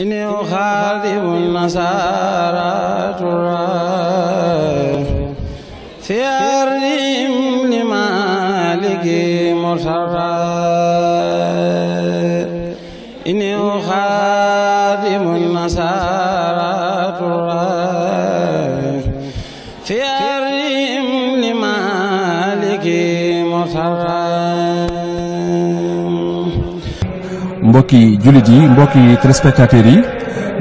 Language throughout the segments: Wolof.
إني أخاذب النصارى ترى في أرضهم لمالك إني أخاذب النصارى mbokki julit yi mbokki téléspectateurs yi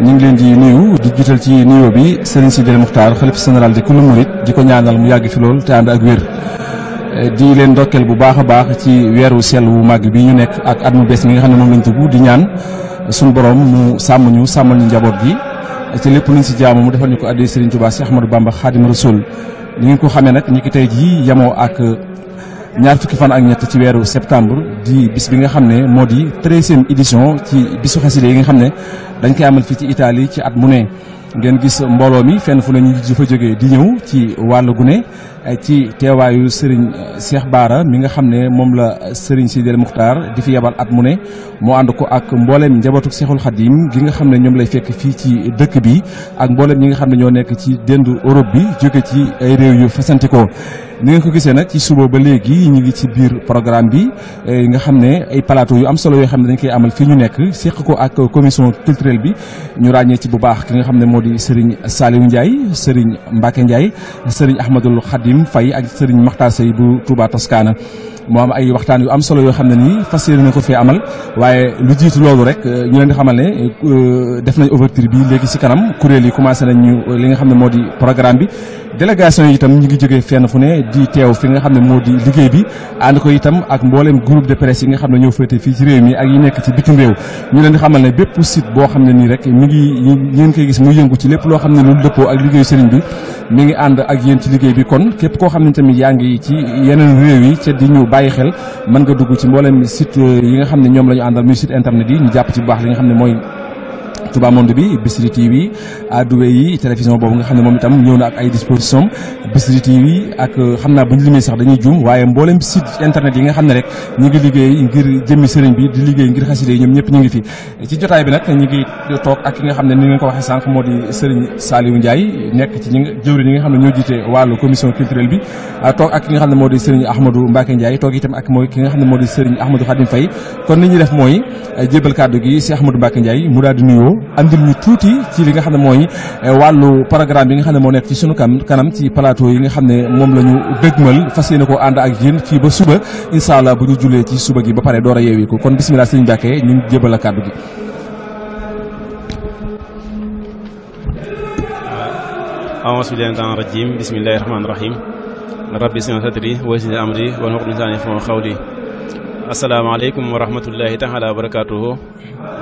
ñu ngi leen di nuyu di jiital ci nuyoo bi Serigne Sidel mukhtar xalif général di kul mourid di ko ñaanal mu yàgg fi lool te ànd ak wér di leen ndokkeel bu baax a baax ci weeru sel wu màgg bi ñu nekk ak at mu bees mi nga xam ne moom lañ dugg di ñaan sun borom mu sàmm ñu sàmmal ñu njaboot gi ci lépp luñ si jaamu mu defal ñu ko Serigne Touba si Ahmadou Bamba Xaadimu ngeen ko xamee nag ñi ki tey jii ak ñaar fukki fan ak ñett ci weeru septembre di bis bi nga xam ne moo di treizième édition ci bisu xasida yi nga xam ne dañ koy amal fii ci itali ci at mu ne ngeen gis mbooloo mi fenn fu ne ñu fa jógee di ñëw ci wàll gu ne Eh, ci teewaayu Serigne eh, Cheikh baara mi nga xam ne moom la Serigne Sidel Muxtaar di fi yebal at mu ne moo ànd ko ak mbooleem njabootu Cheikhul Khadim gi nga xam ne ñoom lay fekk fii ci dëkk bi ak mbooleem ñi nga xam ne ñoo nekk ci dendu Europe bi jóge ci ay réew yu fasanti ni nga ko gisee nag ci suba ba léegi ñu ngi ci biir programme bi eh, nga xam ne ay plateau yu am solo yoo xam ne dañ koy amal fii ñu nekk séq ko ak commission culturelle bi ñu ràññee ci bu baax ki nga xam ne moo di Serigne Saliou Ndiaye sëriñ Mbacke Ndiaye Serigne Xaadim Faye ak sëriñ Maxtaar Sey bu Touba Toscana moo am ay waxtaan yu am solo yoo xam ne nii fas yéene na ko fee amal waaye lu jiitu loolu rek euh, ñu leen di xamal ne euh, def nañ ouverture bi léegi si kanam kuréel yi commencé nañ ñu euh, li nga xam ne moo di programme bi délégation yi itam ñu ngi jógee fenn fu ne di teew fi nga xam ne moo di liggéey bi ànd ko itam ak mbooleem groupe de presse yi nga xam ne ñoo féete fii ci réew ak yi nekk ci bitim réew ñu leen di xamal ne bépp boo xam ne nii rek mi ngi yéen koy gis muy yëngu ci lépp loo xam ne lu dëppoo ak liggéeyu mi ngi ànd ak yéen ci liggéey bi kon képp koo xam ne tamit yaa ngi ci yeneen réew yi ca ñu bàyyi xel mën nga dugg ci mbooleem site yi nga xam ne ñoom la ñu àndal muy site internet yi ñu jàpp ci bu baax li nga xam ne mooy Touba Monde bi Bichri TV Adoubé yi télévision boobu nga xam ne moom itam ñëw na euh, naa bu ñu limee sax dañuy juum waaye mboolem site nga xam ne rek ngi liggéey ngir jëmmi sëriñ bi di liggéey ngir xaside ñëpp ñu ngi fi ci jotaay bi nag ñu ngi toog ak ki nga xam ne moo di sëriñ Saliou Ndiaye nekk nga jëwri ne ñoo jiite wàllu commission culturelle bi toog ak ki nga xam ne moo di sëriñ Ahmadou Mbacké Ndiaye toog itam ak mooy ki nga xam ne moo di sëriñ Ahmadou Khadim Faye kon ni ñuy def mooy euh, jébal kàddu gi si Ahmadou Mbacké Ndiaye mu daal andil ñu tuuti ci li nga xam ne mooy eh, wàllu programme bi nga xam ne moo nekk ci sunu kam kanam ci plateau yi nga xam ne moom lañu ñu dëgmal fas yéene ko ànd ak yéen fii ba suba incha allah bu ñu jullee ci suba gi ba pare door a yeewee ko kon bisimilah sëñ Mbàkke ñu ngi jébal a kàddu gi. aawuusu billaahi mina rajiim bismillaahi rahmaani rahiim rabbi ishrah li sadri wa asalaamaaleykum wa rahmatullahi taala wa barakaatuhu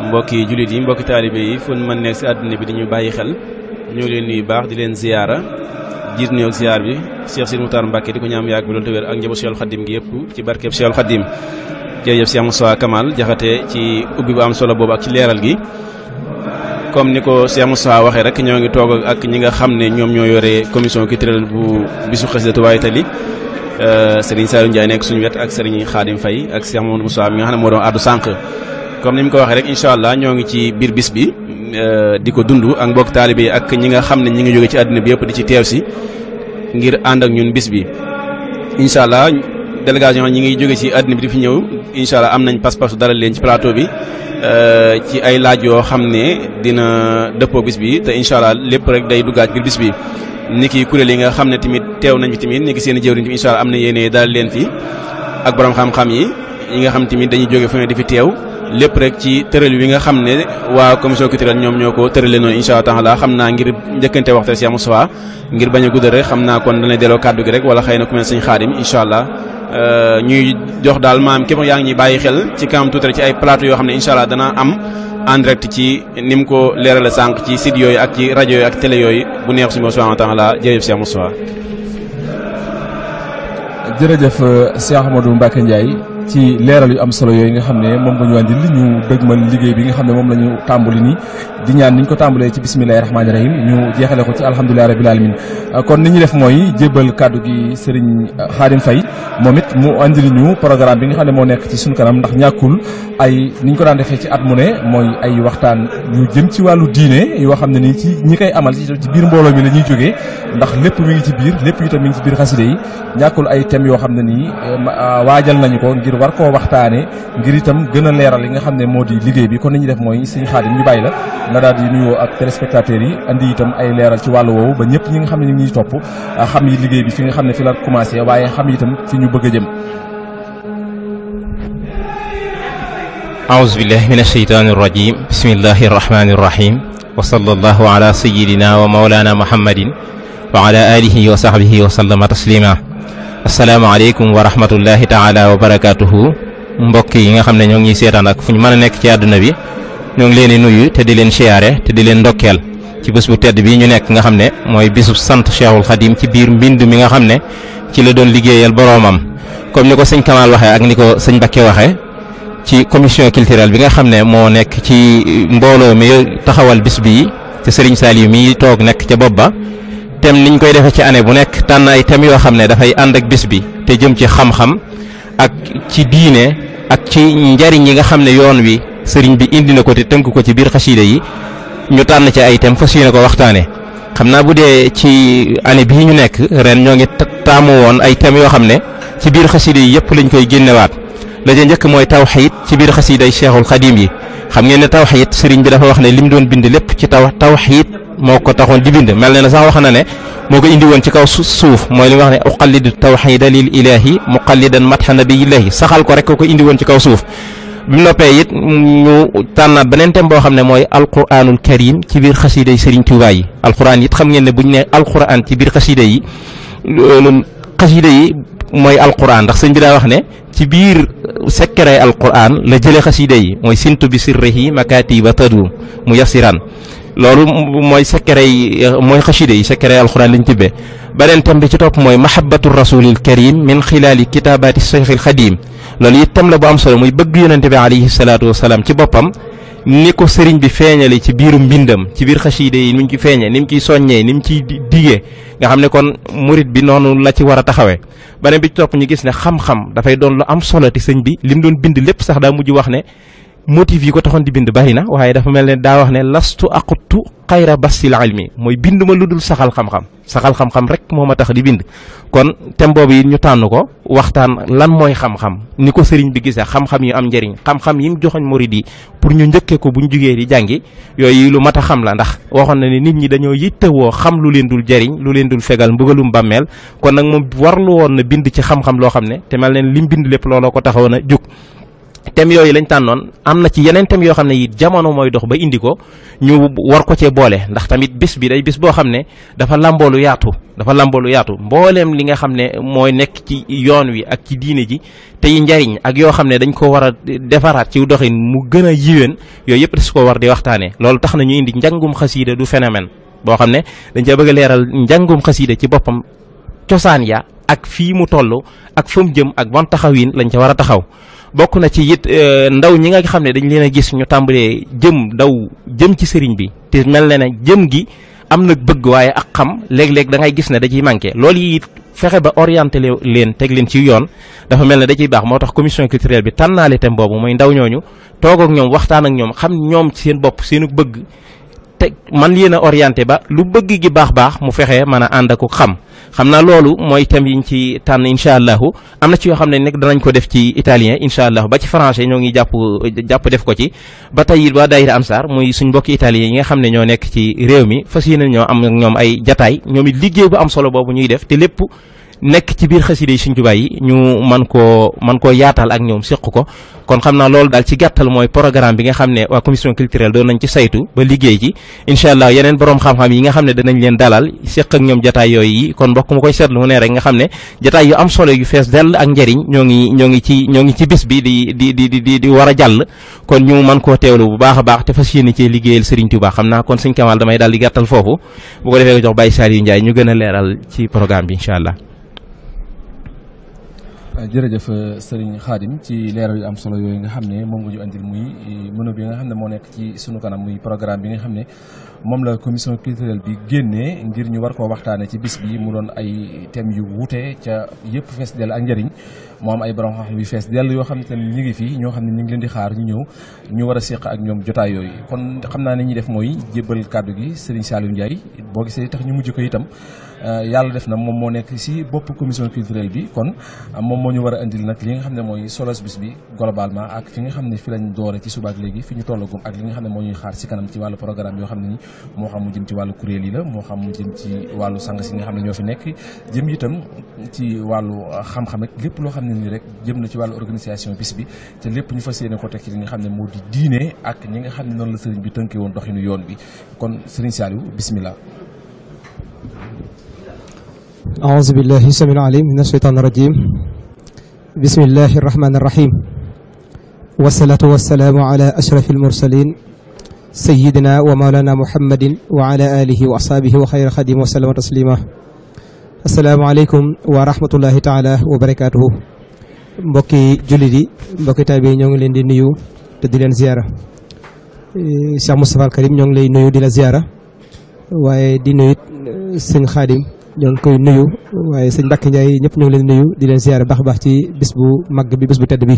mbokki jullit yi mbokki taalibe yi fu mën nekk si àdduna bi di ñu bàyyi xel ñoo leen nuyu baax di leen ziyaara jiit ñëw ziyaar bi Cheikh Sidi Moutar Mbacke di ko ñaam yàgg bi loolu te ak njaboot Cheikh Khadim gi yëpp ci barkeeb Cheikh Khadim jërëjëf Cheikh Moussa Kamal jaxate ci ubbi bu am solo boobu ak ci leeral gi comme ni Cheikh Moussa waxee rek ñoo ngi toog ak ñi nga xam ne ñoo yore commission culturelle bu bisu xasida Touba Italie Euh, Serigne Saliou Ndiaye nekk suñu wet ak Serigne Khadim fay ak Cheikh Mamadou Moussa mi nga xam ne moo doon addu sànq comme ni mu ko waxee rek incha allah ñoo ngi ci biir bis bi euh, di ko dund ak mbokk taalibe ak ñi nga xam ne ñi ngi jóge ci àddina bi yëpp di ci teew si ngir ànd ak ñun bis bi incha allah délégation ñi ngi jóge ci àddina bi di fi ñëw incha allah am nañ pas-pasu dalal leen ci plateau bi euh, ci ay laaj yoo xam ne dina dëppoo bis bi te incha lépp rek day duggaat biir bis bi ni ki kuréel yi nga xam ne tamit teew nañ fi tamit ni ki seen i jëwriñ incha allah am na yéene daal leen fi ak borom xam-xam yi yi nga xam tamit dañuy jóge fu ne di fi teew lépp rek ci tëral wi nga xam ne waa commission culturelle ñoom ñoo ko tëralee noonu incha allah taala xam naa ngir njëkkante waxtaan si Moussa ngir bañ a guddal rek xam naa kon danay delloo kàddu gi rek wala xëy na ku mel sëñ Xaadim incha allah Euh, ñuy jox daal maam képp yaa ngi ñuy bàyyi xel ci kanam tuuti ci ay plateau yoo xam ne incha allah dana am en ci ni mu ko leerale sànq ci sit yooyu ak ci rajo yooyu ak télé yooyu bu neex suñu subhanahu wa taala jërëjëf Cheikh Moustapha jërëjëf euh, Cheikh Ndiaye ci leeral yu am solo yooyu nga xam ne moom nga ñu wàññi li ñu dëgmal liggéey bi nga xam ne moom la ñu tàmbali nii di ñaan niñ ko tàmbalee ci bisimilahi rahmaani rahim ñu jeexale ko ci alhamdulilahi rabil alamin kon ni ñu def mooy jébbal kàddu gi sëriñ Xaadim euh, fay moom it mu andil ñu programme bi nga xam ne moo nekk ci suñu kanam ndax ñàkkul ay niñ ko daan defee ci at mu ne mooy ay waxtaan yu jëm ci wàllu diine yoo xam ne nii ci ñi koy amal ci biir mbooloo mi la ñuy jógee ndax lépp mi ngi ci biir lépp itam mi ngi biir xaside yi ñàkkul ay thèmes yoo xam ne nii euh, euh, waajal nañu ko ngir war koo waxtaane ngir itam gën a leeral li nga xam ne moo di liggéey bi kon ni ñu def mooy sëriñ Xaadim ñu bàyyi la la daal di nuyoo ak téléspectateurs yi andi itam ay leeral ci wàllu woowu ba ñëpp ñi nga xam ne ñu ngi topp ah, xam yi liggéey bi fi nga xam ne fi la commencé waaye xam itam fi ñu bëgg a jëm. aousubillah min alsheytaan irrajim bismillahi irrahmani irrahim wa mbokk yi xam ne ñoo ngi seetaan ak fu ñu mën a nekk ci àdduna bi ñoo ngi leen nuyu te di leen siyaare te di leen ndokkeel ci bés bu tedd bii ñu nekk nga xam ne mooy bésub sant Cheikhul Khadim ci biir mbind mi nga xam ne ci la doon liggéeyal boroomam comme ni ko sëñ Kamal waxe ak ni ko sëñ Bakke waxee ci commission culturelle bi nga xam ne moo nekk ci mbooloo mi taxawal bis bii te Serigne Saliou mii toog nekk ca bopp ba tem niñ koy defee ci année bu nekk tànn ay thèmes yoo xam ne dafay ànd ak bis bi te jëm ci xam-xam ak ci diine ak ci yi nga xam yoon wi sëriñ bi indi na ko te tënk ko ci biir xasiida yi ñu tànn ci ay thèmes fas yéene ko waxtaanee xam naa bu dee ci année bii ñu nekk ren ñoo ngi taamu woon ay thèmes yoo xam ne ci biir xasiida yi yëpp lañ koy génnewaat la ca njëkk mooy tawxiid ci biir xasiiday Seexul Xadiim yi xam ngeen ne tawxiid sëriñ bi dafa wax ne li mu doon bind lépp ci taw tawxiid moo ko taxoon di bind mel na ne sax wax na ne moo ko indi woon ci kaw suuf mooy li wax ne uqallidu tawxiida lil ilaahi muqallidan matxa nabiyillahi saxal ko rek ko indi woon ci kaw suuf mu noppee it ñu tànnaat beneen boo xam ne mooy alquranul karim ci biir xasida yi Serigne Touba yi alquran it xam ngeen ne bu ñu nee alquran ci biir xasida yi xasida yi mooy alquran ndax sëñ bi daa wax ne ci biir secret alquran la jëlee xasida yi mooy sintu bi sirrihi makatiba tadum mu yasiran loolu mooy secret yi mooy xaside yi secret alxuraan lañ tibbee beneen tam bi ci topp mooy mahabbatu rasulil karim min xilaali kitaabaati seyxil xadiim loolu itam la bu am solo muy bëgg yonente bi alayhi salaatu wasalaam ci boppam ni ko sëriñ bi feeñale ci biiru mbindam ci biir xaside yi nu mu ci feeñee ni mu ciy soññee ni mu ciy digee nga xam ne kon murit bi noonu la ci war a taxawee beneen bi ci topp ñu gis ne xam-xam dafay doon lu am solo te sëñ bi li mu doon bind lépp sax daa mujj wax ne motif yi ko taxoon di bind bari na waaye dafa mel ne daa wax ne lastu aqutu xayra bastil ilmi mooy bind ma lu dul saxal xam-xam saxal xam rek moo ma tax di bind kon thème boobu yi ñu tànn ko waxtaan lan mooy xam-xam ni ko sëriñ bi gisee xam-xam yu am njëriñ xam-xam yi mu joxoñ murid yi pour ñu njëkkee ko bu ñu jugee di jàngi yooyu lu mat a xam la ndax waxoon na ne nit ñi dañoo yittewoo xam lu leen dul jariñ lu leen dul fegal mbugalum bàmmeel kon nag moom warlu woon na bind ci xam loo xam ne te mel ne lim bind lépp looloo ko taxawoon a jug thèmes yooyu lañ tànnoon am na ci yeneen thèmes yoo xam ne it jamono mooy dox ba indi ko ñu war ko cee boole ndax tamit bis bi day bis boo xam ne dafa làmboolu yaatu dafa làmboolu yaatu mbooleem li nga xam ne mooy nekk ci yoon wi ak ci diine ji te yi njariñ ak yoo xam ne dañ ko war a defaraat ci doxin mu gën a yiwéen yooyu yëpp su ko war di waxtaanee loolu tax na ñu indi njàngum xasiida du phénomène boo xam ne dañ ca bëgg leeral njàngum xasiida ci boppam cosaan ya ak fii mu toll ak fa mu jëm ak ban taxawin lañ ca war a taxaw bokk na ci it euh, ndaw ñi nga xam ne dañ leen a gis ñu tàmbalee jëm daw jëm ci sëriñ bi te mel na ne jëm gi am na bëgg waaye ak xam léeg-léeg da ngay gis ne da ciy manqué loolu yi fexe ba orienté leen teg leen ci yoon dafa mel ne da ciy baax moo tax commission culturelle bi tànnaale thème boobu muy ndaw ñooñu toog ak ñoom waxtaan ak ñoom xam ñoom seen bopp seenu bëgg teg man leen a orienté ba lu bëgg gi baax baax mu fexe mën a ànd ak xam xam naa loolu mooy thème yiñ ci tànn incha allahu am na ci yoo xam ne nag danañ ko def ci italien incha allahu ba ci français ñoo ngi jàpp jàpp def ko ci ba tey it waa am saar muy suñ mbokki italien yi nga xam ne ñoo nekk ci réew mi fas yéene ñoo am ñoom ay jataay ñoom it liggéey bu am solo boobu ñuy def te lépp Nek ci biir xaside yi Touba yi ñu man ko man ko yaatal ak ñoom séq ko kon xam naa loolu daal ci gàttal mooy programme bi nga xam ne waa commission culturelle doon nañ ci saytu ba liggéey ci incha allah yeneen borom xam-xam yi nga xam ne danañ leen dalal séq ak ñoom jataay yooyu yi kon mbokk mu koy seetlu mu ne rek nga xam ne jataay yu am solo yu fees dell ak njëriñ ñoo ngi ñoo ngi ci ñoo ngi ci bis bi di di di di di war a jàll kon ñu man koo teewlu bu baax a baax te fas yéene cee liggéeyal Serigne Touba xam naa kon Serigne Kamal damay daal di gàttal foofu bu ko defee ko jox Baye Saliou Ndiaye ñu gën a leeral ci programme bi incha allah jërëjëf euh, sëriñ Khadim ci leeral yu am solo yooyu nga xam ne moom nga ñu andil muy euh, mënu bi nga xam ne moo nekk ci sunu kanam muy programme bi nga xam ne moom la commission culturelle bi génnee ngir ñu war koo waxtaane ci bis bi mu doon ay thèmes yu wuute ca yëpp fees dell ak njëriñ moo am ay borom xam yu fees dell yoo xam ne tamit ñu ngi fi ñoo xam ne ñu ngi leen di xaar ñu ñëw ñu war a séq ak ñoom jotaay yooyu kon xam naa ne ñuy def mooy jébbal kàddu gi sëriñ Saliou Ndiaye boo gisee tax ñu mujj ko itam Euh, yàlla def na moom moo nekk si bopp commission culturelle bi kon moom moo ñu war a indil nag li nga xam ne mooy solos bis bi globalement ak fi nga xam ne fi lañ doore ci subaak léegi fi ñu tollagum ak li nga xam ne moo ñuy xaar si kanam ci wàllu programme yoo xam ne ni moo xam mu wàllu kuréel yi la moo xam mu jëm ci wàllu sang si xam ne ñoo fi nekk itam ci wàllu euh, xam-xam loo xam ne nii rek jëm na ci wàllu organisation bis bi te lépp ñu fas yéene ko ci li nga xam ne moo di diine ñi nga xam ne noonu la sëriñ bi tënkee woon doxinu yoon bi kon sëriñ Saliou bismillah أعوذ بالله السميع العليم من الشيطان الرجيم بسم الله الرحمن الرحيم والصلاة والسلام على أشرف المرسلين سيدنا ومولانا محمد وعلى آله وأصحابه وخير خادم وسلم تسليما السلام عليكم ورحمة الله تعالى وبركاته بكي جلدي بكي mbokki taalibe yi ñoo ngi leen di nuyu te di leen ziara Cheikh Moustapha Al Karim ñoo ngi lay nuyu ñong koy nuyu waaye sëñ Mbacke Ndiaye ñep ñong leen nuyu di leen ziaré bax bax ci bis bu mag bi bis bu tedd bi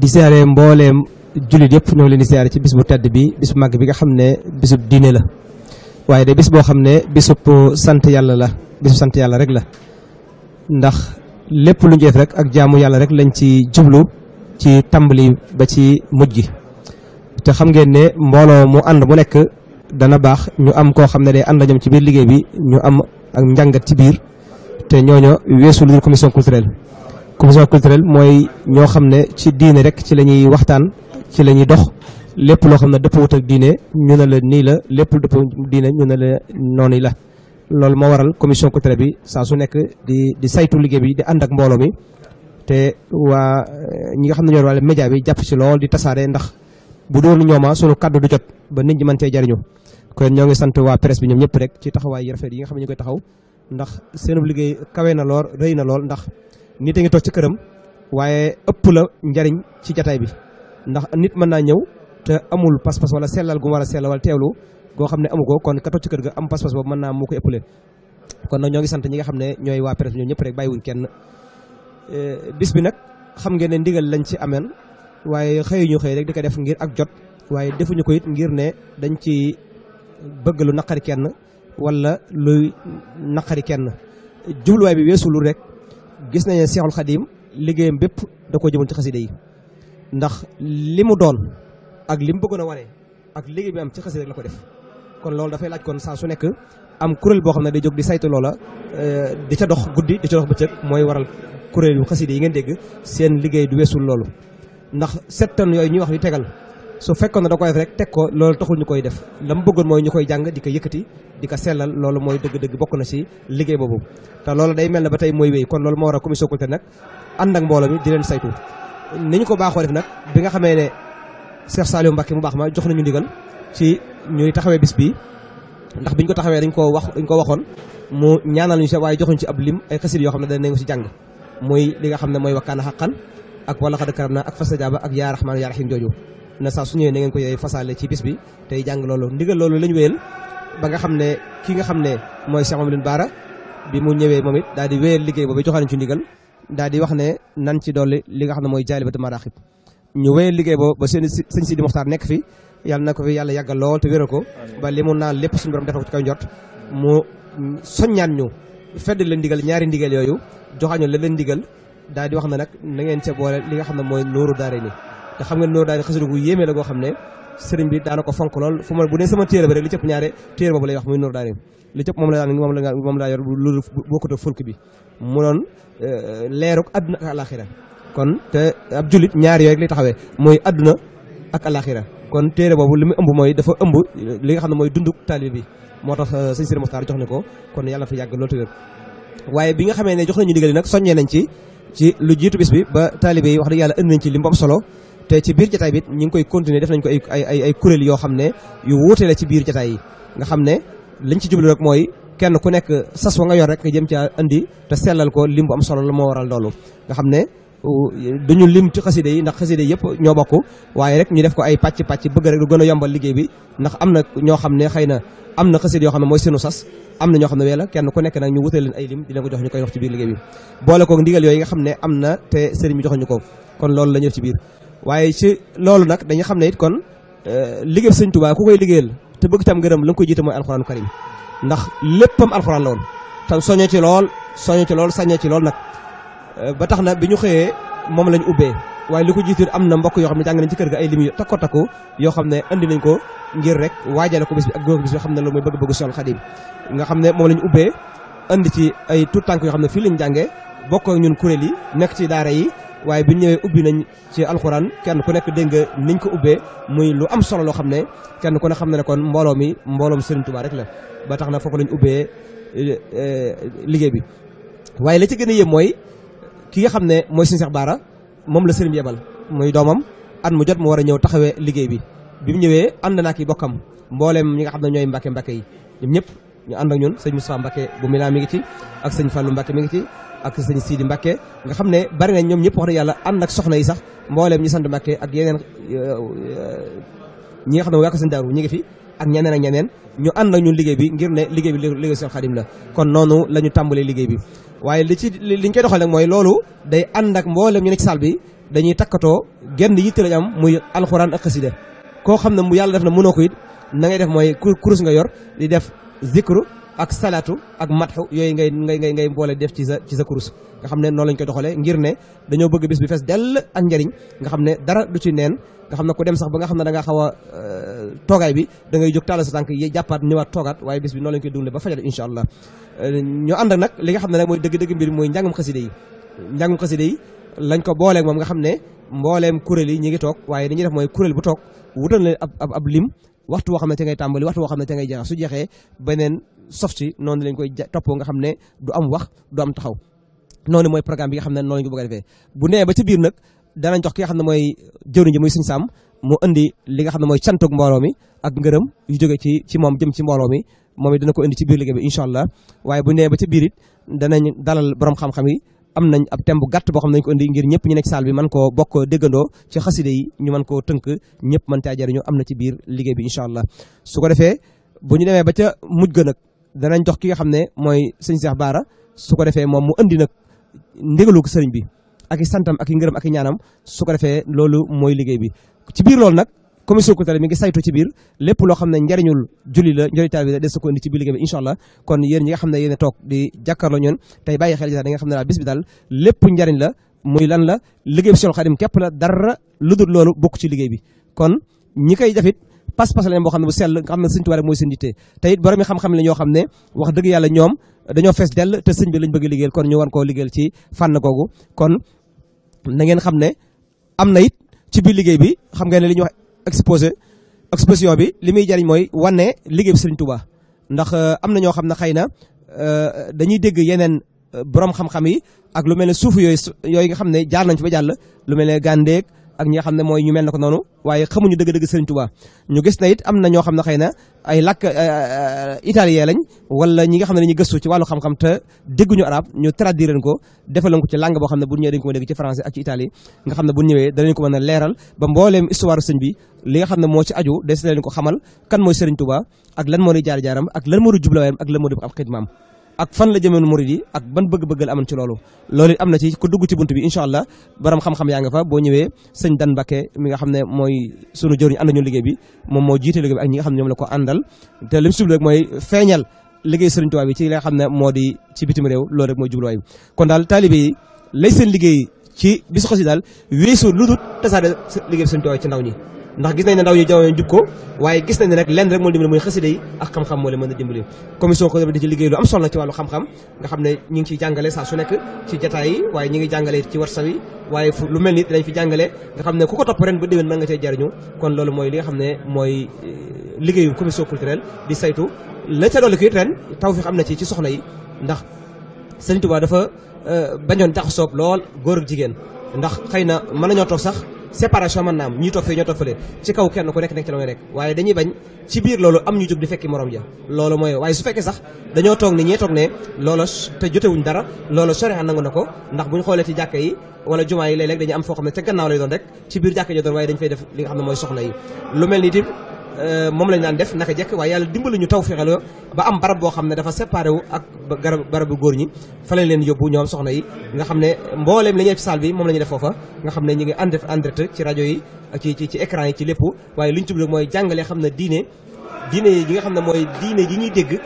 di ziaré mbooleem julit yëpp ñong leen di ci bis bu tedd bi bis mag bi nga xamné bisu diiné la waye de bis bo xamné bisu sante yalla la bisu sante yalla rek la ndax lepp lu ñu rek ak jaamu yalla rek lañ ci jublu ci tambali ba ci mujj gi te xam ngeen ne mbolo mu and mu nek dana baax ñu am koo xam ne day ànd ñoom ci biir liggéey bi ñu am ak njàngat ci biir te ñooño weesu lu dul commission culturelle commission culturelle mooy ñoo xam ne ci diine rek ci la ñuy waxtaan ci lañuy dox lépp loo xam ne dëppawut ak diine ñu ne la nii la lépp lu dëppawut diine ñu ne la noonu la loolu moo waral commission culturelle bi saa su nekk di saytu liggéey bi di ànd ak mbooloo mi te waa ñi nga xam ne ñoo wàllu média bi jàpp ci lool di tasaare ndax bu doon ñooma sunu kaddu du jot ba nit ñi mën cee jariñu kon ñoo ngi sant waa presse bi ñoom ñëpp rek ci taxawaay yi rafet yi nga xam ne ndax seenub liggéey kawe na lool rëy na lool ndax nit a ngi toog ci këram waaye ëpp la njariñ ci jataay bi ndax nit mën naa ñëw te amul pas-pas wala sellal gu mu war a sellal wala goo xam ne amu ko kon ka toog kër am pas-pas mën naa moo ko ëppale kon nag ñoo ngi sant ñi nga xam ne ñooy waa presse bi ñoom ñëpp rek bàyyiwuñ kenn eh, bis bi nag xam ngeen ne ndigal lañ ci ameen waaye xëyuñu xëy rek di ko def ngir ak jot waaye defuñu ko it ngir ne dañ ci bëgg lu naqari kenn walla luy naqari kenn jubluwaay bi weesu lu rek gis nañu ne Seexul Xadiim liggéeyam bépp da koo jëmoon ci xasida yi ndax li mu doon ak li mu bëggoon a wane ak liggéey bi am ci xasida rek la ko def kon loolu dafay laaj kon saa su nekk am kuréel boo xam ne day jóg di saytu loola euh, di ca dox guddi di ca dox bëccëg mooy waral kuréel yu xasida yi ngeen dégg seen liggéey du weesul loolu ndax sept tonnes yooyu ñuy wax yu tegal su fekkoon na da koy def rek teg ko loolu taxul ñu koy def la mu bëggoon mooy ñu koy jàng di ko yëkkati di ko sellal loolu mooy dëgg-dëgg bokk na ci liggéey boobu. te loolu day mel ne ba tey mooy wéy kon loolu moo war a commission culture nag ànd ak mbooloo mi di leen saytu ni ñu ko baaxoo def nag bi nga xamee ne Cheikh Saliou Mbacké mu baax ma jox nañu ndigal ci ñuy taxawee bis bii ndax biñ ko taxawee dañ koo wax dañ ko waxoon mu ñaanal ñu si waaye joxuñ ci ab lim ay xasida yoo xam ne dañ nañ ko si jàng muy li nga xam ne mooy wakkaana xaqan ak wala xad karam naa ak fasajaaba ak yaa rahmaan yaa rahim jooju na saa su ñëwee na ngeen ko yey fasaale ci bis bi tey jàng loolu ndigal loolu lañ wéyal ba nga xam ne ki nga xam ne mooy Cheikh Mamadou Bara bi mu ñëwee moom it daal di wéyal liggéey boobu joxaane ci ndigal daal di wax ne nan ci dolli li nga xam ne mooy jaalibatu maraaxib ñu wéyal liggéey boobu ba seen sëñ Sidi Moxtaar nekk fi yàlla na ko fi yàlla yàggal lool te wéral ko ba li mu naan lépp suñu borom defal ko ci kaw njort mu soññaan ñu fedd la ndigal ñaari ndigal yooyu joxaañu la leen ndigal daal di wax na nag na ngeen ca boole li nga xam ne mooy nooru daare ni te xam ngeen nooru daare ni xasida la goo xam ne sëriñ bi daana ko fonk lool fu ma bu dee sama téere ba rek li cëpp ñaare téere boobu lay wax muy nooru daare ni li cëpp euh, ñaar yooyu rek taxawee mooy adduna ak alaxira kon téere boobu li mu ëmb mooy dafa ëmb li nga xam ne mooy dunduk taalibe bi moo tax euh, sëñ Sëriñ Moxtaar jox ne ko kon yàlla na fi yàgg loolu te waaye bi nga xamee ne jox nañu ndigal nag soññee nañ ci ci lu jiitu bis bi ba taalibe yi wax dëgg yàlla ënd nañ ci li mu am solo te ci biir jataay bi ñi ngi koy continuer def nañ ko ay ay ay kuréel yoo xam ne yu wuute la ci biir jataay yi nga xam ne lañ ci jublu rek mooy kenn ku nekk sas wa nga yor rek nga jëm ca indi te sellal ko lim bu am solo la moo waral loolu nga xam ne duñu lim ci xaside yi ndax xaside yëpp ñoo bokk waaye rek ñu def ko ay pàcc pàcc bëgg rek lu gën a yombal liggéey bi ndax am na ñoo xam ne xëy na am na xaside yoo xam ne mooy seenu sas am na ñoo xam ne weela kenn ku nekk nag ñu wutal leen ay lim di leen ko jox ñu koy wax ci biir liggéey bi boole ko ndigal yooyu nga xam ne am na te sëriñ bi ñu ko kon loolu la ñu ci biir waaye ci loolu nag dañu xam ne it kon euh, liggéey sëñ Tuubaa ku koy liggéeyal te bëgg tam gërëm la nga koy jiite mooy alxuraanu karim ndax léppam alxuraan la woon tam soño ci lool soño ci lool sañee ci lool nag euh, ba tax na bi ñu xëyee moom lañ ubbee waaye li ko jiitu am na mbokk yoo xam ne jàng nañ ci kër ga ay lim yu takko takku yoo xam ne andi nañ ko ngir rek waajale ko bis bi ak góor bis bi xam ne loolu mooy bëgg-bëggu Seexul Xadim nga xam ne moom lañ ubbee andi ci ay tout tànk yoo xam ne fii lañ jàngee bokk ak ñun kuréel yi nekk ci daara yi waaye bi ñëwee ubbi nañ ci alxuraan kenn ku nekk dégg nga niñ ko ubbee muy lu am solo loo xam ne kenn ku ne xam ne ne kon mbooloo mi mbooloom Serigne Touba rek la ba tax na foofu lañ ubbee liggéey bi waaye la ci gën a yéem mooy ki nga xam ne mooy Serigne Cheikh Bara moom la sëriñ bi yebal muy doomam at mu jot mu war a ñëw taxawee liggéey bi bi mu ñëwee ànd naa ki bokkam mbooleem ñi nga xam ne ñooy mbàkke mbàkke yi ñëpp ñu ànd ak ñun sëñ Moussa Mbàkke bu Milan mi ngi ci ak sëñ Fallou Mbàkke mi ngi ci ak sëñ Sidi Mbàkke nga xam ne bari nañ ñoom ñëpp wax yàlla ànd soxna yi sax mbooleem ñi sant Mbàkke ak yeneen ñi nga xam ne wàkk sëñ Daaru ñi ngi fi ak ñeneen ñeneen ñu ànd ak liggéey bi ngir ne liggéey bi liggéey seen xadim la kon noonu la ñu tàmbalee liggéey bi waaye li ci li ñu koy doxal mooy loolu day ànd ak mboolem ñu ne ci saal bi dañuy takkatoo genn yitte lañ am muy alxuraan ak xasida koo xam ne mu yàlla def na mënoo ko it na ngay def mooy kurus nga yor di def zikru ak salaatu ak matxu yooyu ngay ngay ngay ngay mboole def ci sa ci sa kurus nga xam ne noonu lañ ko doxalee ngir ne dañoo bëgg bis bi fees dell ak njariñ nga xam ne dara du ci neen nga xam ne ku dem sax ba nga xam ne da nga xaw a euh, bi da ngay jóg tàllal sa tànk yi jàppaat ñëwaat toogaat waaye bis bi noonu lañ koy dundee ba fajar incha euh, nag li nga xam ne nag mooy dëgg-dëgg mbir mooy njàngum xaside yi njàngum xaside yi lañ ko booleeg moom nga xam ne mbooleem kuréel yi ñi ngi toog waaye dañuy def mooy kuréel bu toog wutal na ab ab lim waxtu woo xam ne te tàmbali waxtu woo xam ne te ngay jeex su jeexee beneen sof si noonu lañ koy toppoo nga xam ne du am wax du am taxaw noonu mooy programme bi nga xam ne noonu lañ ko bëgg defee bu nee ba ca biir nag danañ jox ki xam ne mooy jëwriñ ji muy sëñ Sam mu indi li nga xam ne mooy cantug mbooloo mi ak ngërëm yu ci ci moom jëm ci mbooloo mi moom it dana ko indi ci biir liggéey bi incha allah waaye bu ñu ba ci biir it danañ dalal borom xam yi am nañ ab thème bu boo xam ne nañ ko indi ngir ñëpp ñu nekk saal bi mën koo bokk déggandoo ci xaside yi ñu mën koo tënk ñëpp mën caa jariñu na ci biir liggéey bi incha allah su ko defee bu ñu demee ba ca mujj ga nag danañ jox ki nga xam ne mooy sëñ sax Baara su ko defee moom mu indi nag ndigalu sëriñ bi ak i santam ak i ngërëm ak i ñaanam su ko defee loolu mooy liggéey bi ci biir loolu nag commission culturelle mi ngi saytu ci biir lépp loo xam ne njariñul julli la njariñ taal bi la des ko ci biir liggéey bi incha allah kon yéen ñi a toog di jàkkaarloo ñoon tey bàyyi xel jotaay da nga xam ne daal bis bi daal la muy lan la liggéey bi Seexul Xaadim képp liggéey bi kon ñi koy dafit pas-pas lañ boo xam ne bu sell nga xam ne sëñ Tuubaa mooy seen yitte te it borom yi xam-xam la ñoo xam ne wax dëgg yàlla ñoom dañoo fees dell te sëñ bi lañ bëgg liggéeyal kon ñu war koo liggéeyal ci fànn na ngeen xam ne am na it ci biir liggéey bi xam nga ne li ñuy wax exposé exposition bi li muy jariñ mooy wane liggéey bi Serigne Touba ndax euh, am na ñoo xam ne xëy na euh, dañuy dégg yeneen euh, borom xam-xam yi ak lu mel ne suuf yooyu yooyu nga xam ne jaar nañ fi ba jàll lu mel ne Gandeek ak ñi nga xam ne mooy ñu mel ne ko noonu waaye xamuñu dëgg-dëgg Serigne Touba ñu gis na it am na ñoo xam ne xëy na ay làkk euh, euh, italien lañ wala ñi nga xam ne dañuy gësu ci wàllu xam-xam te dégguñu arab ñu traduire leen ko defaloon ko ci langue boo xam ne bu ñëwee dañ ko mën a dégg ci français ak ci italien nga xam ne a leeral ba mbooleem histoire sëñ li nga xam ne moo ci aju des na leen ko xamal kan mooy Serigne Touba ak lan moo di jaar jaaram ak lan moo di jublawaayam ak lan moo di am xidmaam ak fan la jëmoon murid yi ak ban bëgg-bëgg la amoon ci loolu loolu am na ci ku dugg ci bunt bi incha allah borom xam-xam yaa nga fa boo ñëwee sëñ Dan Mbakke mi nga xam ne mooy sunu jëriñ ànd ñu liggéey bi moom moo jiite liggéey bi ak ñi nga xam ne ñoom la ko àndal te li mu subli mooy feeñal liggéey sëriñ Tuubaa bi ci li xam ne moo di ci bitim réew loolu rek mooy jubluwaay kon daal taalibe yi lay seen liggéey ci bisu xasida daal weesu lu dul tasaade liggéey bi sëriñ Tuubaa ci ndaw ñi ndax gis nañ ne ndaw yi jamono jub ko waaye gis nañ ne rek lenn rek moo dimbali muy xasida yi ak xam-xam moo leen mën a dimbali commission ko di ci liggéey lu am solo ci wàllu xam-xam nga xam ne ñi ngi ciy jàngale saa su nekk ci jataay yi waaye ñi ngi jàngale ci warsaw yi waaye fu lu mel ni dinañ fi jàngale nga xam ne ku ko topp ren ba déwén mën nga cee jariñu kon loolu mooy li nga xam ne mooy euh, liggéeyu commission culturelle di saytu la ca doolu ko ren taw fi am na ci ci soxna yi ndax Sëriñ Tuubaa dafa euh, bañoon jaxasoob lool góor ak jigéen ndax xëy na mën nañoo toog sax séparation mën na am ñii toog fee ñoo toog fële ci kaw kenn ku nekk nekk ci la may nekk waaye dañuy bañ ci biir loolu am ñu jóg di fekki morom ja loolu mooy waaye su fekkee sax dañoo toog ne ñee toog ne loolu te jotewuñ dara loolu sariya nangu na ko ndax bu ñu xoolee ci jàkka yi wala jumaa yi léeg-léeg dañuy am foo xam ne te gannaaw lay doon rek ci biir jàkka ja doon waaye dañ fay def li nga xam ne mooy soxna yi lu mel ni Euh, moom lañ daan def naka jekk waaye yàlla dimbali ñu taw fexelo ba am barab boo xam ne dafa séparé wu ak garab barabu góor ñi fa lañ leen yóbbu ñoom soxna yi nga xam ne mbooleem li ñuy def bi moom la ñuy def foofa nga xam ne ñu ngi en direct ci rajo yi ak ci ci ecran yi ci lépp waaye li ñu tudd mooy jàngale xam ne diine diine yi nga xam ne mooy diine yi ñuy dégg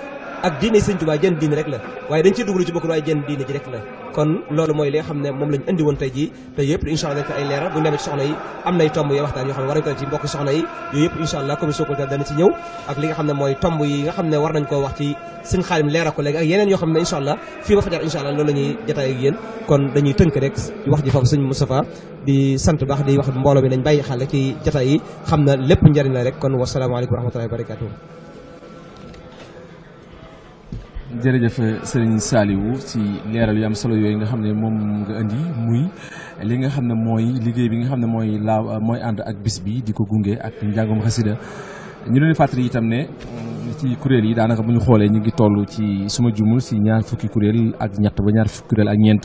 ak diine sëñ touba jën diine rek la waye dañ ci dugg ci bokku way jën diine ji rek la kon loolu moy li xamné mom ne moom lañ indi woon tey jii te yëpp inshallah ay léra bu ñu ci soxna yi am nay tombu yoo waxtaan yo xamné ne ko ci mbokk soxna yi yooyu yëpp incha allah commission ta dana ci ñëw ak li nga xamné moy tombu yi nga xamné war nañ ko wax ci sëñ khalim léra ko léegi ak yeneen yo xamné inshallah fi allah fii ba fajar incha allah loolu la jotaay ak yéen kon dañuy teunk rek wax ji foofu sëñ Moustapha di sant bax di wax mbolo bi nañ bàyyi xel ci jotaay yi xamna lépp njëriñ la rek kon alaykum wa rahmatullahi wa barakatuh jërëjëf sëriñ Saliou ci leeral yu am solo yooyu nga xam ne moom nga indi muy li nga xam ne mooy liggéey bi nga xam ne mooy mooy ànd ak bis bi di ko gunge ak njàngum xasida ñu leen fàttali itam ne mm, ci kuréel yi daanaka bu ñu xoolee ñu ngi toll ci suma jumul si ñaar fukki kuréel ak ñett ba ñaar fukki kuréel ak ñeent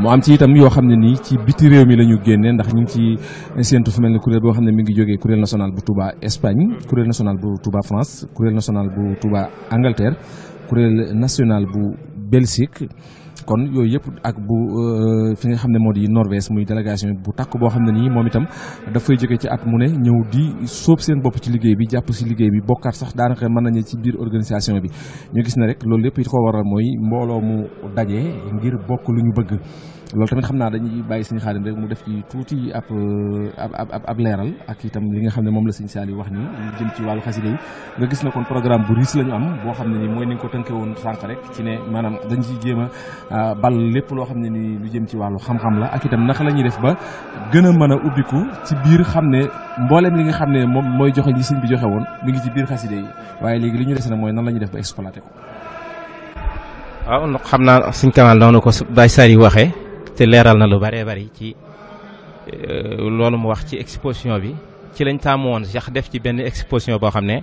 mu am ci itam yoo xam ne nii ci biti réew mi la ñu génne ndax ñu ngi ci séentu fu mel ne kuréel boo xam ne mi ngi jógee kuréel national bu Touba Espagne kuréel national bu Touba France kuréel national bu Touba Angleterre kuréel national bu Belgique kon yooyu yëpp ak bu euh, fi nga xam ne moo di Norvège muy délégation bu tàkk boo xam ne nii moom itam dafay jege ci at mu ne ñëw di soob seen bopp ci liggéey bi jàpp si liggéey bi bokkaat sax daanaka mën nañu ci biir organisation bi ñu gis na rek loolu lépp it ko waral mooy mbooloo mu daje ngir bokk lu ñu bëgg. loolu tamit xam naa dañuy bàyyi sëñ Xaadim rek mu def ci tuuti euh, ab ab ab leeral ak itam li nga xam ne moom la sëñ Saliou wax nii jëm ci wàllu xasida yi nga gis na kon bu riis ñu am boo xam ne mooy ni nga ko tënkee woon sànq rek ci ne maanaam dañ ciy jéem a euh, lépp loo xam ne ni lu jëm ci wàllu xam-xam la ak itam nax la ñuy def ba gën a mën a ubbiku ci biir xam ne mbooleem li nga xam ne moom mooy joxe ñi siñ bi joxe woon mi ngi ci biir xasida yi waaye léegi li ñu des na mooy nan la ñuy def ba exploité ko waaw xam naa suñ kamaal noonu ko Baye Saliou waxee te leeral na lu bare bari ci euh, loolu mu wax ci exposition bi ci lañ tàmm woon sax def ci benn exposition boo xam ne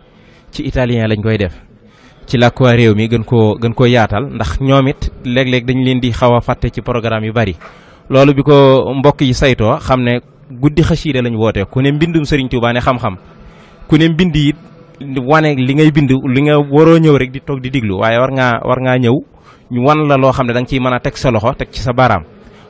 ci italien lañ koy def ci làkku réew mi gën ko gën ko yaatal ndax ñoom it leg dañ leen di xaw a fàtte ci programme yu bari loolu bi ko mbokk yi saytoo xam ne guddi xasiida lañ woote ku ne mbindum Serigne Touba ne xam-xam ku ne wane li ngay bind li nga waroo rek di tog di diglu waaye war ngaa war ngaa ñëw ñu wan la loo xam ne da ho tek mën sa loxo ci sa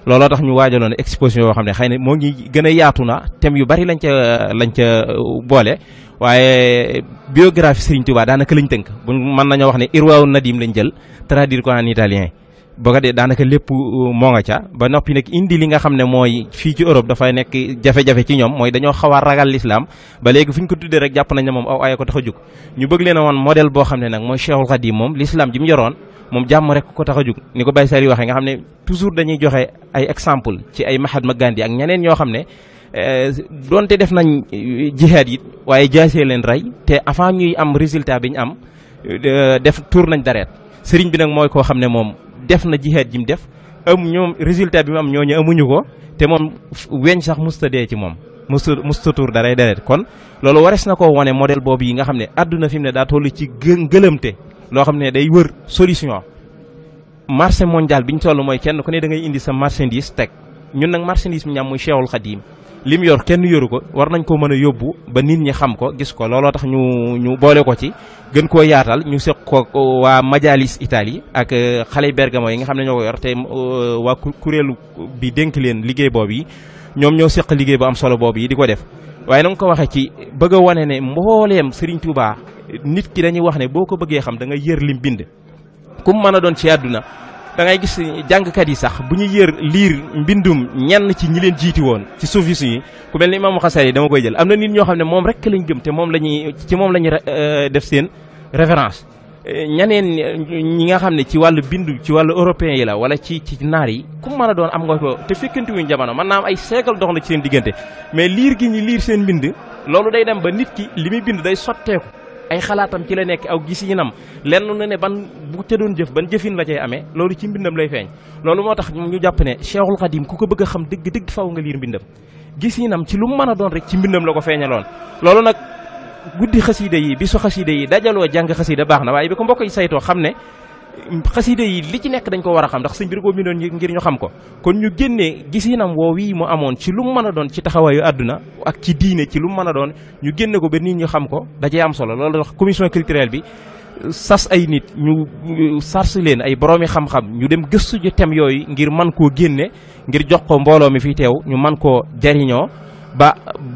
looloo tax ñu waajaloon exposition yoo xam ne xay na moo ngi gën a yaatu na thèmes yu bari lañ ca lañ ca uh, boole waaye biographie Serigne Touba daanaka lañ tënk bu mën nañoo wax ne Irwaaw Nadim lañ jël traduire ko en italien. boo ko dee daanaka lépp uh, moo nga ca ba noppi nag indi li nga xam ne mooy fii ci Europe dafa nekk jafe-jafe ci ñoom mooy dañoo xawaar a ragal lislaam ba léegi fu ñu ko tuddee rek jàpp nañ ne moom aw ay ko tax a jóg ñu bëgg leen a woon boo xam ne nag mooy Cheikhul Khadim moom lislaam ji mu yoroon moom jàmm rek ko tax a jug ni ko Baye Sary waxee nga xam ne toujours dañuy joxe ay exemple ci ay Mahatma Gandhi ak ñeneen ñoo xam ne eh, donte def nañ eh, jihaad yi waaye jaasee leen rey te avant ñuy am résultat bi ñu am eh, def tour nañ dareet sëriñ bi nag mooy koo xam ne moom def na jihaad ji mu def am ñoom résultat bi mu am ñooñu amuñu ko te moom weñ sax musta dee ci moom. musta musta tuur daray dareet kon loolu warees na koo wane modèle boobu yi nga xam ne àdduna fi mu ne daa toll ci gë ngëlëmte loo xam ne day wër solution marché mondial bi ñu toll mooy kenn ku ne da ngay indi sa marchandise teg ñun nag marchandise mi ñam muy Cheikhul Khadim lim yor kenn yoru ko war nañ koo mën a yóbbu ba nit ñi xam ko gis ko looloo tax ñu ñu boole ko ci gën koo yaatal ñu seq ko waa majalis Italie ak eh, xale Bergamo yi nga xam ne ñoo ko yor te eh, waa kuréelu bi dénk leen liggéey boobu yi ñoom ñoo seq liggéey bu am solo boob yi di ko def waaye na ko waxee ci bëgg a wane ne mbooleem Serigne Touba nit ki dañuy wax ne boo ko bëggee xam da nga yër lim bind. kum mën a doon ci àdduna da ngay gis jàngkat yi sax bu ñu yër liir mbindum ñenn ci ñi leen jiiti woon ci suufis yi ku mel ni imaamu xasal yi dama koy jël am na nit ñoo xam ne moom rek lañ gëm te moom la ci moom la ñuy euh, def seen référence. ñaneen ñi nga xam ne ci wàllu bind ci wàllu européen yi la wala ci ci naar yi ku mën a doon am nga ko te fekkanti wuñ jamono naa am ay siècle dox na ci seen diggante mais liir gi ñi liir seen mbind loolu day dem ba nit ki li muy bind day sotteeku ay xalaatam ci la nekk aw gis nam lenn na ne ban bu ca doon jëf ban jëfin la cay ame loolu ci mbindam lay feeñ loolu moo tax ñu jàpp ne Cheikhul Khadim ku ko bëgg xam dëgg dëgg faw nga liir mbindam gisiinam ci lu mu mën a doon rek ci mbindam la ko feeñaloon loolu guddi xasida yi bisu xasida yi dajaloo jàng xasida baax na waaye bi ko mbokk yi saytoo xam ne xasida yi li ci nekk dañ ko war a xam ndax sëñ bi ko bindoon ngir ñu xam ko kon ñu génnee gisinam woo wii mu amoon ci lu mu mën a doon ci taxawaayu àdduna ak ci diine ci lu mu mën a doon ñu génne ko ba nit ñu xam ko dajee am solo loolu tax commission culturelle bi sas ay nit ñu sarsi leen ay boroomi xam-xam ñu dem gëstu ji thème yooyu ngir man koo génne ngir jox ko mbooloo mi fi teew ñu man koo jariñoo ba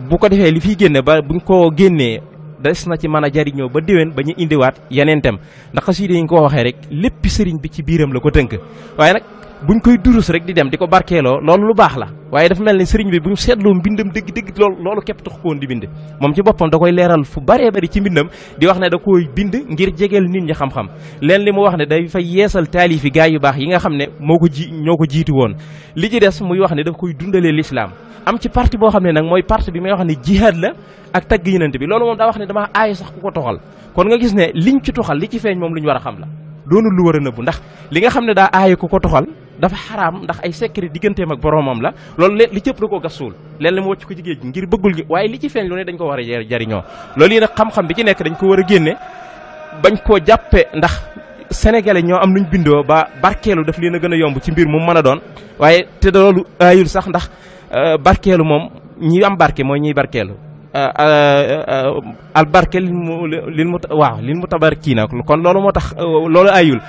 bu ko defee li fiy génne ba buñ ko génnee des na ci mën a jariñoo ba déwén ba ñu indiwaat yeneen tem ndax xasida yi nga ko waxee rek lépp sëriñ bi ci biiram la ko tënk waaye nag buñ koy durus rek di dem di ko barkeeloo loolu lu baax la waaye dafa mel ne sëriñ bi bu ñu seetloo mbindam dëgg dëgg lool loolu képp tax koon di bind moom ci boppam da koy leeral fu baree bari ci mbindam di wax ne da koy bind ngir jegeel nit ñi xam-xam leen li mu wax ne day fay yeesal taalif yi yu baax yi nga xam ne moo ko ji ñoo ko jiitu woon li ci des muy wax ne daf koy dundalee lislaam am ci parti boo xam ne nag mooy parti bi may wax ne jihaad la ak tagg yinante bi loolu moom daa wax ne damaa aay sax ko toxal kon nga gis ne liñ toxal li ci feeñ moom lu ñu war xam la doonu lu war a nëbbu ndax li nga xam ne daa aaye ku ko toxal dafa xaraam ndax ay secret digganteem ak boroomam la loolu leen li cëpp da koo gas suul leen la mu wàcc ko ci géej gi ngir bëggul gi waaye li ci feeñ lu ne dañ ko war a jariñoo loolu yi nag xam-xam bi ci nekk dañ ko war a génne bañ koo jàppe ndax sénégalais ñoo am nuñ bindoo ba barkeelu daf leen a gën a yomb ci mbir mu mën a doon waaye te loolu aayul sax ndax euh, barkeelu moom ñi am barke mooy ñiy barkeelu euh, euh, al barke lil mu lil mu waaw lil mu tabarkiina kon loolu moo tax loolu ayul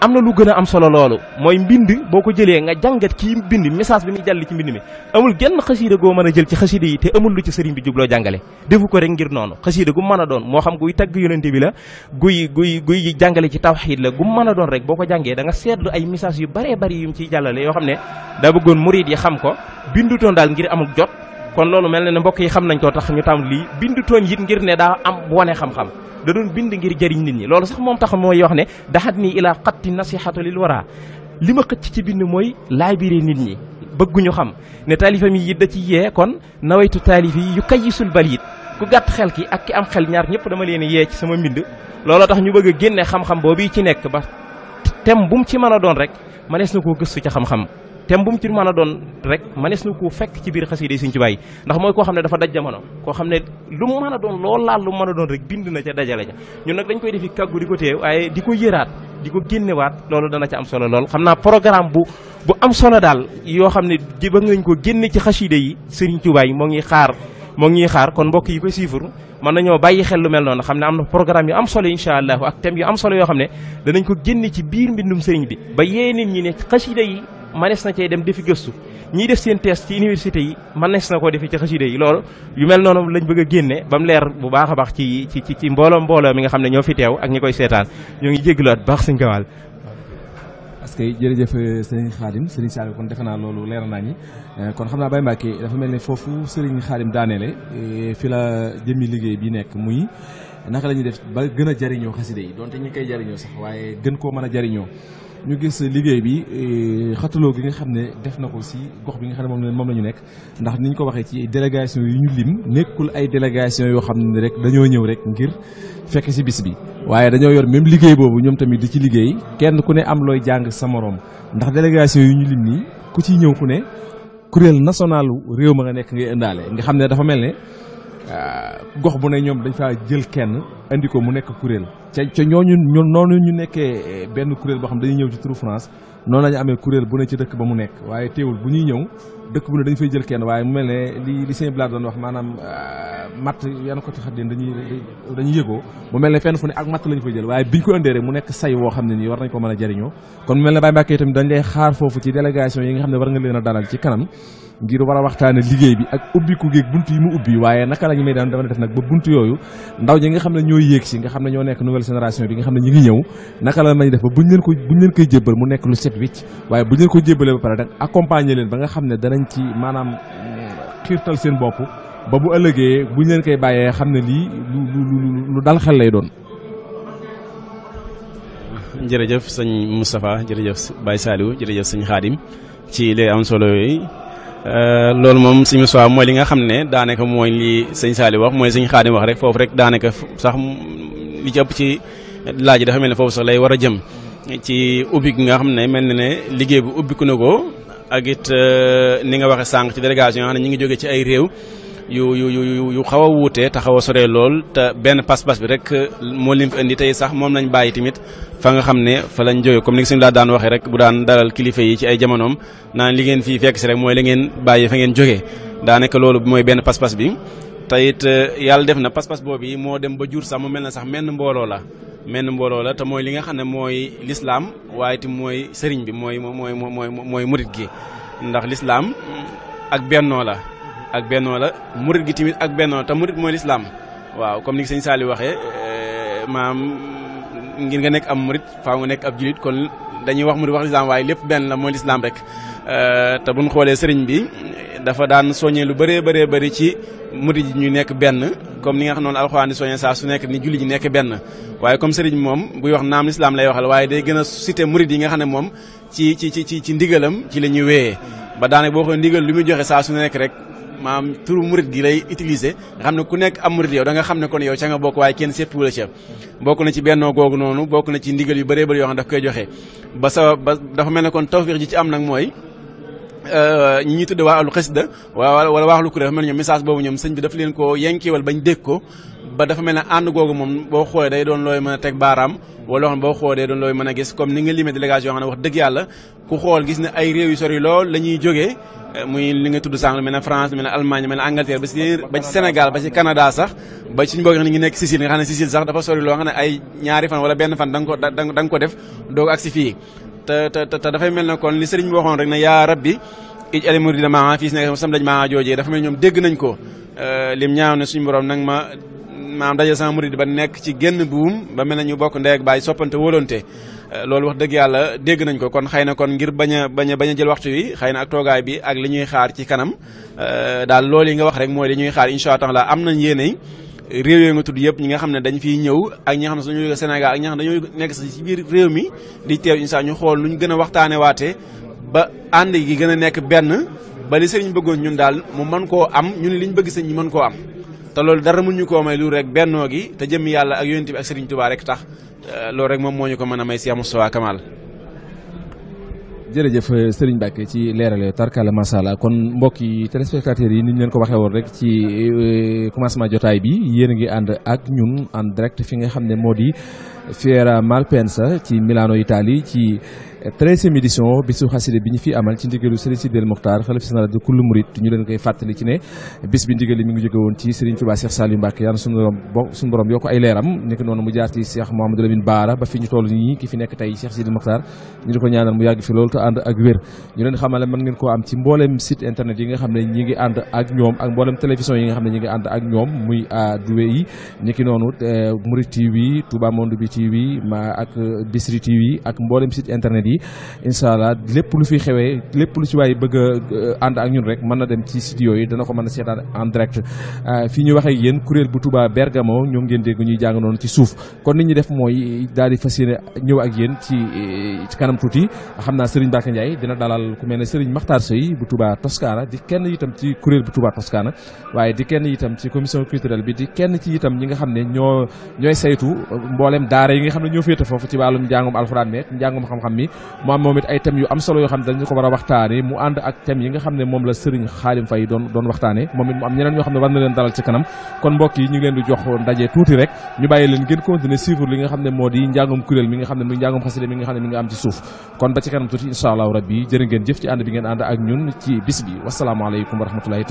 am na lu gën am solo loolu mooy mbind boo ko jëlee nga jàngat kii mbind message bi muy jàll ci mbind mi amul genn xasiida goo mën a jël ci xasiida yi te amul lu ci sëriñ bi jubloo jàngale defu ko rek ngir noonu xasiida gu mën a doon moo xam guy tagg yonente bi la guy guy guy jàngale ci tawxiid la gu mën a doon rek boo ko jàngee da nga seetlu ay message yu baree bari yum ciy jàllale yoo xam ne daa bëggoon murid yi xam ko bindutoon daal ngir amul jot kon loolu mel na ne mbokk yi xam nañ ko tax ñu tam lii bind tooñ ngir ne daa am wone xam-xam da doon bind ngir jëriñ nit ñi loolu sax moom tax mooy wax ne daxat nii ilaa xatti nasihatu lil wara li ma xëcc ci bind mooy laabiré nit ñi bëgguñu xam ne taalifam yi it da ci yee kon nawetu taalif yi yu kayisul balit ku gàtt xel ki ak ki am xel ñaar ñëpp dama leen yee ci sama mbind looloo tax ñu bëgg a génne xam-xam boobu yi ci nekk ba tem bu mu ci mën a doon rek manees na koo gëstu ca xam tem bu mu ci mën a doon rek manees na koo fekk ci biir xasida yi Sëñ Tuubaa yi ndax mooy koo xam ne dafa daj jamono koo xam ne lu mu mën a doon lool laal lu mu mën a doon rek bind na ca dajale ja ñun nag dañ koy defi kàggu di ko téye waaye di ko yëraat di ko génnewaat loolu dana ca am solo lool xam naa programme bu bu am solo daal yoo xam ne ji ba ngañ ko génne ci xasida yi Serigne Touba yi moo ngi xaar moo ngi xaar kon mbokk yi ko siifur mën nañoo bàyyi xel lu mel noonu xam ne am na programme yu am solo incha allahu ak thème yu yoo xam ne danañ ko génne ci biir mbindum Serigne bi ba yee nit ñi ne xasida yi manees na cee dem defi gëstu ñiy def seen test ci université yi manees na ko defi ci xasida yi loolu yu mel noonu lañ bëgg a génne ba mu leer bu baax a baax ci ci ci mbooloo mbooloo mi nga xam ne ñoo fi teew ak ñu koy seetaan ñoo ngi jégaluwaat baax sëñ Gawaal. parce que jëf euh, sëriñ Xaadim sëriñ Saliou kon defe naa loolu leer naa ñi euh, kon xam naa Baye Mbacke dafa mel ne foofu sëriñ Xaadim daaneele euh, fi la jëmi liggéey bi nekk muy. naka la ñuy def ba gën a jariñoo xasida yi donte ñu koy jariñoo sax waaye gën koo mën a jariñoo ñu gis liggéey bi eh, xatuloo gi nga xam ne def na ko si gox bi nga xam ne moom moom la ñu nekk ndax ni ko waxee ci délégation yu ñu lim nekkul ay délégation yoo xam ne rek dañoo ñëw rek ngir fekk si bis bi waaye dañoo yor même liggéey boobu ñoom tamit di ci liggéey kenn ku ne am looy jàng sa moroom ndax délégation yu ñu lim nii ku ciy ñëw ku ne kuréel national réew ma nga nekk ngay indaale nga xam ne dafa mel ne Euh, gox bu ne ñoom dañ faa jël kenn indi ko mu nekk kuréel ca ca ñooñu ñun noonu ñu nekkee eh, benn kuréel boo xam dañuy ñëw ci turu France noonu la amee kuréel bu ne ci dëkk ba mu nekk waaye teewul bu ñuy ñëw dëkk bu ne dañu fay jël kenn waaye mu mel ne li li Sëñ Blaat doon wax maanaam euh, matt yan ko ci xat yéen dañuy dañuy yëgoo mu mel ne fenn fu ne ak matt la ñu fay jël waaye biñ ko indee rek mu nekk say woo xam ne nii war nañ ko mën a jëriñoo kon mu mel ne Baye Mbacke tamit dañ lay xaar foofu ci délégation yi nga xam ne war nga leen a dalal ci kanam ngir war a waxtaane liggéey bi ak ubbiku géeg bunt yi mu ubbi waaye naka la ñu may daan dama def nag ba bunt yooyu ndaw ñi nga xam ne ñoo yéeg si nga xam ne ñoo nekk nouvelle génération bi nga xam ne ñi ngi ñëw naka la may def ba buñ leen ko buñ leen koy jébbal mu nekk lu set wicc waaye buñ leen ko jébbalee ba pare nag accompagner leen ba nga xam ne danañ ci maanaam xiirtal seen bopp ba bu ëllëgee buñ leen koy bàyyee xam ne lii lu lu dal xel lay doon jërëjëf sëñ Moustapha jërëjëf Baye Saliou jërëjëf sëñ Khadim ci léegi am solo Euh, loolu moom suñu Moustapha mooy li nga xam ne daanaka mooy li sëñ Saliou wax mooy sëñ Xaadim wax rek foofu rek daanaka sax li ci ëpp ci laaj dafa mel ne foofu sax lay war a jëm ci ubbi gi nga xam ne mel na ne liggéey bu ubbiku na ko ak it euh, ni nga waxe sànq ci délégation yoo xam ne ñu ngi jóge ci ay réew yu yu yu yu xaw a wuutee te xaw a soree lool te benn pas-pas bi rek euh, moo lim fi indi tey sax moom lañ bàyyi tamit fa nga xam ne fa lañ jógee comme ni suñu laa daan waxee rek bu daan daral kilifa yi ci ay jamonoom naan li ngeen fii fekk si rek mooy la ngeen bàyyi fa ngeen jógee daanaka loolu mooy benn pas-pas bi. te it euh, yàlla def na pas-pas boobu yi moo dem ba jur sax mu mel na sax menn mbooloo la menn mbooloo la te mooy li nga xam ne mooy lislaam waaye itam mooy sëriñ bi mooy mooy mooy mooy murit gi ndax lislaam ak ak bennoo la murit gi tamit ak bennoo te murit mooy lislaam waaw comme ni sëñ Saali waxee eh, maam ngir nga nekk am murit faaw nga nekk ab julit kon dañuy wax murit wax lislaam waaye lépp benn la mooy lislaam rek eh, te buñ xoolee sëriñ bi dafa daan soññee lu bëree bëree bëri ci murit ji ñu nekk benn comme ni nga xam noonu alxuraan di soññee saa ni julli ji nekk benn waaye comme sëriñ moom buy wax naam lislaam lay waxal waaye day gën a cité murit yi nga xam ne moom ci ci ci ci ndigalam ci la ñuy wéyee ba daanaka boo xoolee ndigal lu muy joxe saa su nekk rek maanaam turu murit gi lay utiliser nga xam ne ku nekk am murit yow da xam ne kon yow ca nga bokk waaye kenn seetlu la ca bokk na ci bennoo googu noonu bokk na ci ndigal yu bëree bëri yoo xam ne daf koy joxe ba sa ba dafa mel ne kon tawfiq ji ci am nag mooy Euh, ñi ñuy tudde waa alu xasida waa wala waaxlu kuréel dafa mel ñoom message boobu ñoom sëñ bi dafa leen ko yenkiwal bañ dégg ko ba dafa mel ne ànd googu moom boo xoolee day doon looy mën a teg boo xoolee day doon looy a gis comme ni nga limee délégation xam ne wax dëgg yàlla ku xool gis ne ay réew yu sori lool la ñuy jógee euh, muy li nga tudd sànq lu mel ne France lu mel ne Allemagne lu mel na Angleterre ba ci ba ci Sénégal ba ci Canada sax ba suñu boog ni ngi nekk Sicile nga xam ne Sicile sax dafa sori loo xam fan wala benn fan da nga ko da nga ko def doog ak si te te te dafay mel ne kon li sëriñ bi waxoon rek ne yaa rabbi ij ali muridi maa fii si nekk sam daj maa joojee dafa mel ñoom dégg nañ ko euh, lim ñaaw ne suñu borom nag ma maam daje sama murid ba nekk ci génn buum ba mel na ñu bokk ndey ak baay soppante wóolonte euh, loolu wax dëgg yàlla dégg nañ ko kon xëy na kon ngir bañ a bañ a bañ a jël waxtu wi xëy na ak toogaay bi ak li ñuy xaar ci kanam euh, daal loolu yi nga wax rek mooy li ñuy xaar incha allah am nañ yéenay réew yooyu nga tudd yëpp ñi nga xam ne dañ fiy ñëw ak ñi xam ne suñu jóge Sénégal ak ñi nga xam ne dañoo nekk ci biir réew mi di teew insha ñu xool lu ñu gën a waxtaane waate ba ànd gi gën a nekk benn ba li sëriñ bëggoon ñun daal mu mën koo am ñu ñun liñ bëgg sëñ ñi mën koo am te loolu dara mun ñu koo may lu rek bennoo gi te jëm yàlla ak yonent bi ak sëriñ Tuubaa rek tax euh, loolu rek moom moo ñu ko mën a may Cheikh Moustapha Kamal jërëjëf euh, Serigne Mbacke ci leerale tarkala macha allah kon mbokki téléspectateurs yi ni ñu leen ko waxee woon rek ci euh, commencement jotaay bi yéen a ngi ànd ak ñun en direct fi nga xam ne moo di. Fiera Malpensa ci Milano Italie ci eh, treizième édition oh, bisu xasida bi ñu fi amal ci ndigelu Serigne Sidel Mokhtar xalif général de kullu mourid ñu leen koy fatali ci ne bis bi ndigelu mi ngi jóge won ci Serigne Touba Cheikh salim Mbacke yàlla suñu borom bo suñu borom yokk ay leeram nek nonu mu jaar ci Cheikh mohamed Lamine bara ba fi ñu tollu nii ki fi nek tay Cheikh Sidel Mokhtar ñu diko ñaanal mu yàgg fi loolu te and ak wër ñu leen xamal man ngeen ko am ci mboolem site internet yi nga xam ñi ngi and ak ñoom ak mboolem télévision yi nga xam ñi ngi and ak ñoom muy aduwe yi nek nonu eh, mourid TV Touba Monde bi TV ma ak euh, Bisri TV ak mboolem site internet yi inshallah lepp lu fi xewé lepp lu ci waay bëgg and euh, ak ñun rek mëna dem ci studio yi dana ko mëna a en direct euh, fi ñu waxee yeen kuréel bu Touba Bergamo ñom ngeen dégg ñuy jàng non ci suuf kon nit ñi def moy daal di fas yéene ñëw ak yeen ci ci kanam tuuti xamna Serigne Mbacke Ndiaye dina dalal ku melni Serigne Makhtar Sey bu Touba Toscana di kenn itam ci kuréel bu Touba Toscana waye di kenn itam ci commission culturelle bi di kenn ci itam ñi nga xam ño ñoy saytu mbolem daal daara yi nga xam ne ñoo féete foofu ci wàllum njàngum alxuraan mi njàngum xam-xam mi mu am moom ay thèmes yu am solo yoo xam ne dalal ci kanam kon mbokk ñu leen di jox ndaje tuuti rek ñu bàyyi leen ngeen continuer suivre li nga xam ne moo di njàngum kuréel mi nga xam ne muy njàngum xasida mi nga xam ne mi nga am ci suuf kon ba ci kanam tuuti insha allahu rabbi jërë ngeen jëf ci ànd bi ngeen ànd ak ñun ci bis bi wasalaamaaleykum wa rahmatullahi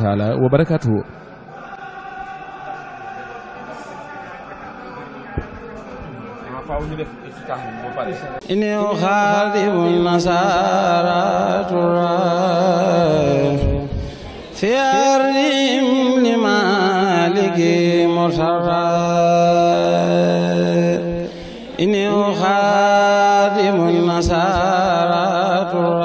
إني أخاذب النصارى ترى في أرضهم لمالك مرسرى إني أخاذب النصارى ترى